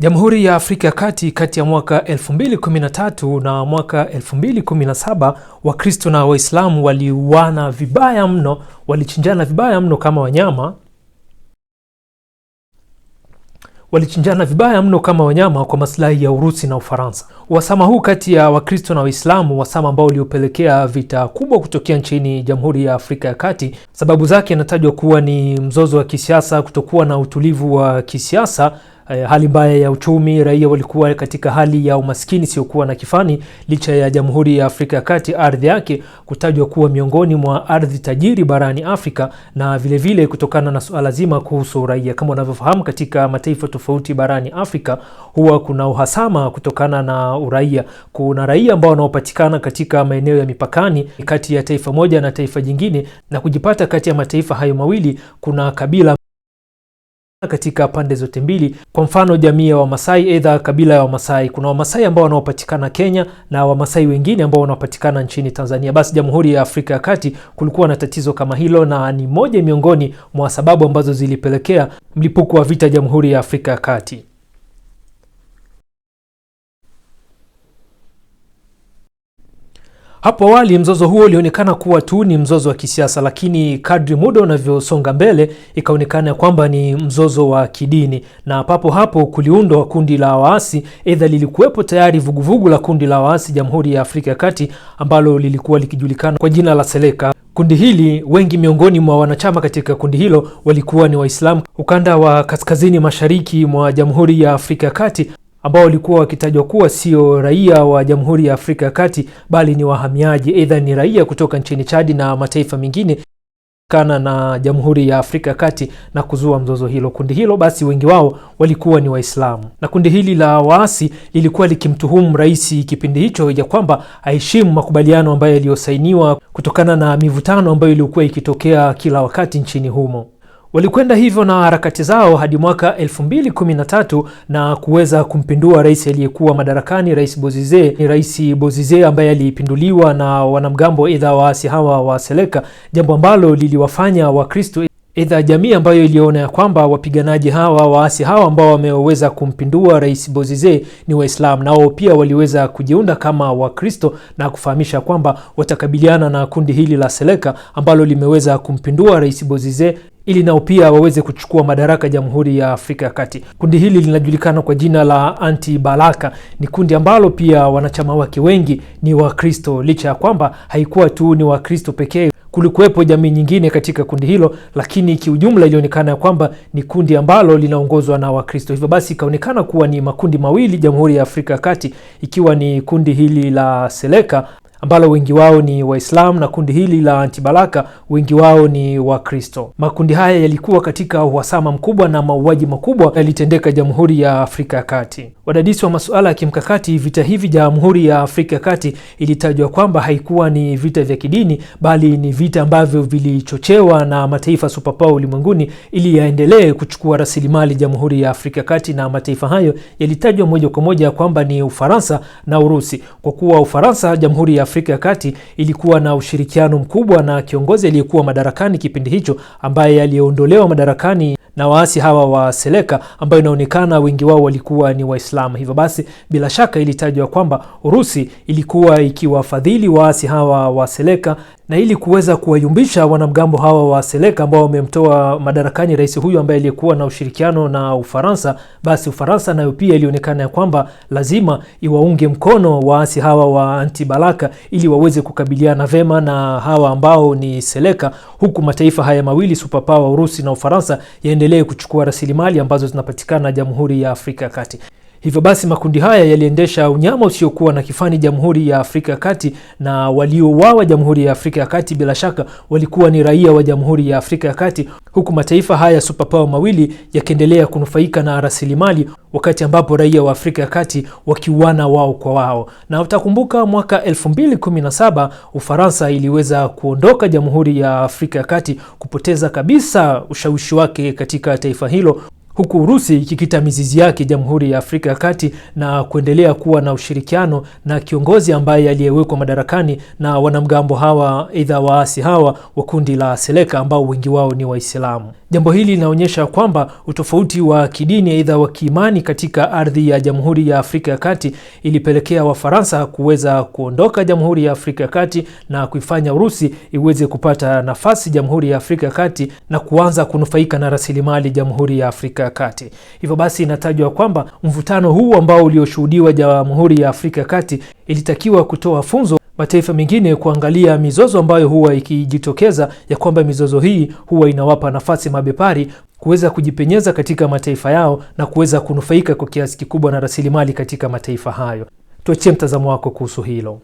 Jamhuri ya Afrika ya Kati kati ya mwaka 2013 na mwaka 2017, Wakristo na Waislamu waliuana vibaya mno, walichinjana vibaya mno kama wanyama, walichinjana vibaya mno kama wanyama kwa maslahi ya Urusi na Ufaransa. Uhasama huu kati ya Wakristo na Waislamu, uhasama ambao uliopelekea vita kubwa kutokea nchini Jamhuri ya Afrika ya Kati. Sababu zake inatajwa kuwa ni mzozo wa kisiasa, kutokuwa na utulivu wa kisiasa eh, hali mbaya ya uchumi, raia walikuwa katika hali ya umaskini isiyokuwa na kifani, licha ya Jamhuri ya Afrika ya Kati ardhi yake kutajwa kuwa miongoni mwa ardhi tajiri barani Afrika, na vilevile vile kutokana na suala zima kuhusu raia. Kama unavyofahamu, katika mataifa tofauti barani Afrika huwa kuna uhasama kutokana na uraia. Kuna raia ambao wanaopatikana katika maeneo ya mipakani kati ya taifa moja na taifa jingine, na kujipata kati ya mataifa hayo mawili kuna kabila katika pande zote mbili. Kwa mfano jamii ya Wamasai, aidha kabila ya Wamasai, kuna Wamasai ambao wanaopatikana Kenya na Wamasai wengine ambao wanaopatikana nchini Tanzania. Basi Jamhuri ya Afrika ya Kati kulikuwa na tatizo kama hilo, na ni moja miongoni mwa sababu ambazo zilipelekea mlipuko wa vita Jamhuri ya Afrika ya Kati. Hapo awali mzozo huo ulionekana kuwa tu ni mzozo wa kisiasa, lakini kadri muda unavyosonga mbele ikaonekana kwamba ni mzozo wa kidini, na papo hapo kuliundwa kundi la waasi. Aidha, lilikuwepo tayari vuguvugu la kundi la waasi Jamhuri ya Afrika ya Kati ambalo lilikuwa likijulikana kwa jina la Seleka. Kundi hili, wengi miongoni mwa wanachama katika kundi hilo walikuwa ni Waislamu ukanda wa kaskazini mashariki mwa Jamhuri ya Afrika ya Kati ambao walikuwa wakitajwa kuwa sio raia wa Jamhuri ya Afrika ya Kati bali ni wahamiaji, aidha ni raia kutoka nchini Chadi na mataifa mengine kana na Jamhuri ya Afrika ya Kati na kuzua mzozo hilo. Kundi hilo basi wengi wao walikuwa ni Waislamu, na kundi hili la waasi lilikuwa likimtuhumu rais kipindi hicho ya kwamba aheshimu makubaliano ambayo yaliyosainiwa kutokana na mivutano ambayo ilikuwa ikitokea kila wakati nchini humo. Walikwenda hivyo na harakati zao hadi mwaka 2013 na kuweza kumpindua rais aliyekuwa madarakani Rais Bozize. Ni Rais Bozize ambaye alipinduliwa na wanamgambo aidha waasi hawa wa Seleka, jambo ambalo liliwafanya Wakristo aidha jamii ambayo iliona ya kwamba wapiganaji hawa waasi hawa ambao wameweza kumpindua Rais Bozize ni Waislamu, nao pia waliweza kujiunda kama Wakristo na kufahamisha kwamba watakabiliana na kundi hili la Seleka ambalo limeweza kumpindua Rais Bozize ili nao pia waweze kuchukua madaraka Jamhuri ya Afrika ya Kati. Kundi hili linajulikana kwa jina la Anti Balaka. Ni kundi ambalo pia wanachama wake wengi ni Wakristo, licha ya kwamba haikuwa tu ni Wakristo pekee kulikuwepo jamii nyingine katika kundi hilo, lakini kiujumla ilionekana ya kwamba ni kundi ambalo linaongozwa na Wakristo. Hivyo basi ikaonekana kuwa ni makundi mawili Jamhuri ya Afrika ya Kati, ikiwa ni kundi hili la Seleka ambalo wengi wao ni waislam na kundi hili la Antibalaka wengi wao ni Wakristo. Makundi haya yalikuwa katika uhasama mkubwa na mauaji makubwa yalitendeka Jamhuri ya Afrika ya Kati. Wadadisi wa masuala ya kimkakati vita hivi, Jamhuri ya Afrika ya Kati ilitajwa kwamba haikuwa ni vita vya kidini, bali ni vita ambavyo vilichochewa na mataifa superpower ulimwenguni ili yaendelee kuchukua rasilimali Jamhuri ya Afrika ya Kati, na mataifa hayo yalitajwa moja kwa moja kwamba ni Ufaransa na Urusi, kwa kuwa Ufaransa Jamhuri ya Afrika ya Kati ilikuwa na ushirikiano mkubwa na kiongozi aliyekuwa madarakani kipindi hicho ambaye aliondolewa madarakani na waasi hawa wa Seleka ambayo inaonekana wengi wao walikuwa ni Waislamu. Hivyo basi, bila shaka ilitajwa kwamba Urusi ilikuwa ikiwafadhili waasi hawa wa Seleka na ili kuweza kuwayumbisha wanamgambo hawa wa Seleka ambao wamemtoa madarakani rais huyu ambaye aliyekuwa na ushirikiano na Ufaransa, basi Ufaransa nayo pia ilionekana ya kwamba lazima iwaunge mkono waasi hawa wa Antibalaka ili waweze kukabiliana vema na hawa ambao ni Seleka, huku mataifa haya mawili superpower Urusi na Ufaransa yaendelee kuchukua rasilimali ambazo zinapatikana Jamhuri ya Afrika ya Kati. Hivyo basi makundi haya yaliendesha unyama usiokuwa na kifani Jamhuri ya Afrika ya Kati, na waliouawa Jamhuri ya Afrika ya Kati bila shaka walikuwa ni raia wa Jamhuri ya Afrika ya Kati, huku mataifa haya superpower mawili yakiendelea kunufaika na rasilimali, wakati ambapo raia wa Afrika ya Kati wakiuana wao kwa wao. Na utakumbuka mwaka 2017 Ufaransa iliweza kuondoka Jamhuri ya Afrika ya Kati, kupoteza kabisa ushawishi wake katika taifa hilo huku Urusi ikikita mizizi yake Jamhuri ya Afrika ya Kati na kuendelea kuwa na ushirikiano na kiongozi ambaye aliyewekwa madarakani na wanamgambo hawa, aidha waasi hawa wa kundi la Seleka ambao wengi wao ni Waislamu. Jambo hili linaonyesha kwamba utofauti wa kidini, aidha wa kiimani, katika ardhi ya Jamhuri ya Afrika ya Kati ilipelekea Wafaransa kuweza kuondoka Jamhuri ya Afrika ya Kati na kuifanya Urusi iweze kupata nafasi Jamhuri ya Afrika ya Kati na kuanza kunufaika na rasilimali Jamhuri ya Afrika ya Kati. Hivyo basi inatajwa kwamba mvutano huu ambao ulioshuhudiwa, Jamhuri ya Afrika ya Kati ilitakiwa kutoa funzo mataifa mengine kuangalia mizozo ambayo huwa ikijitokeza, ya kwamba mizozo hii huwa inawapa nafasi mabepari kuweza kujipenyeza katika mataifa yao na kuweza kunufaika kwa kiasi kikubwa na rasilimali katika mataifa hayo. Tuachie mtazamo wako kuhusu hilo.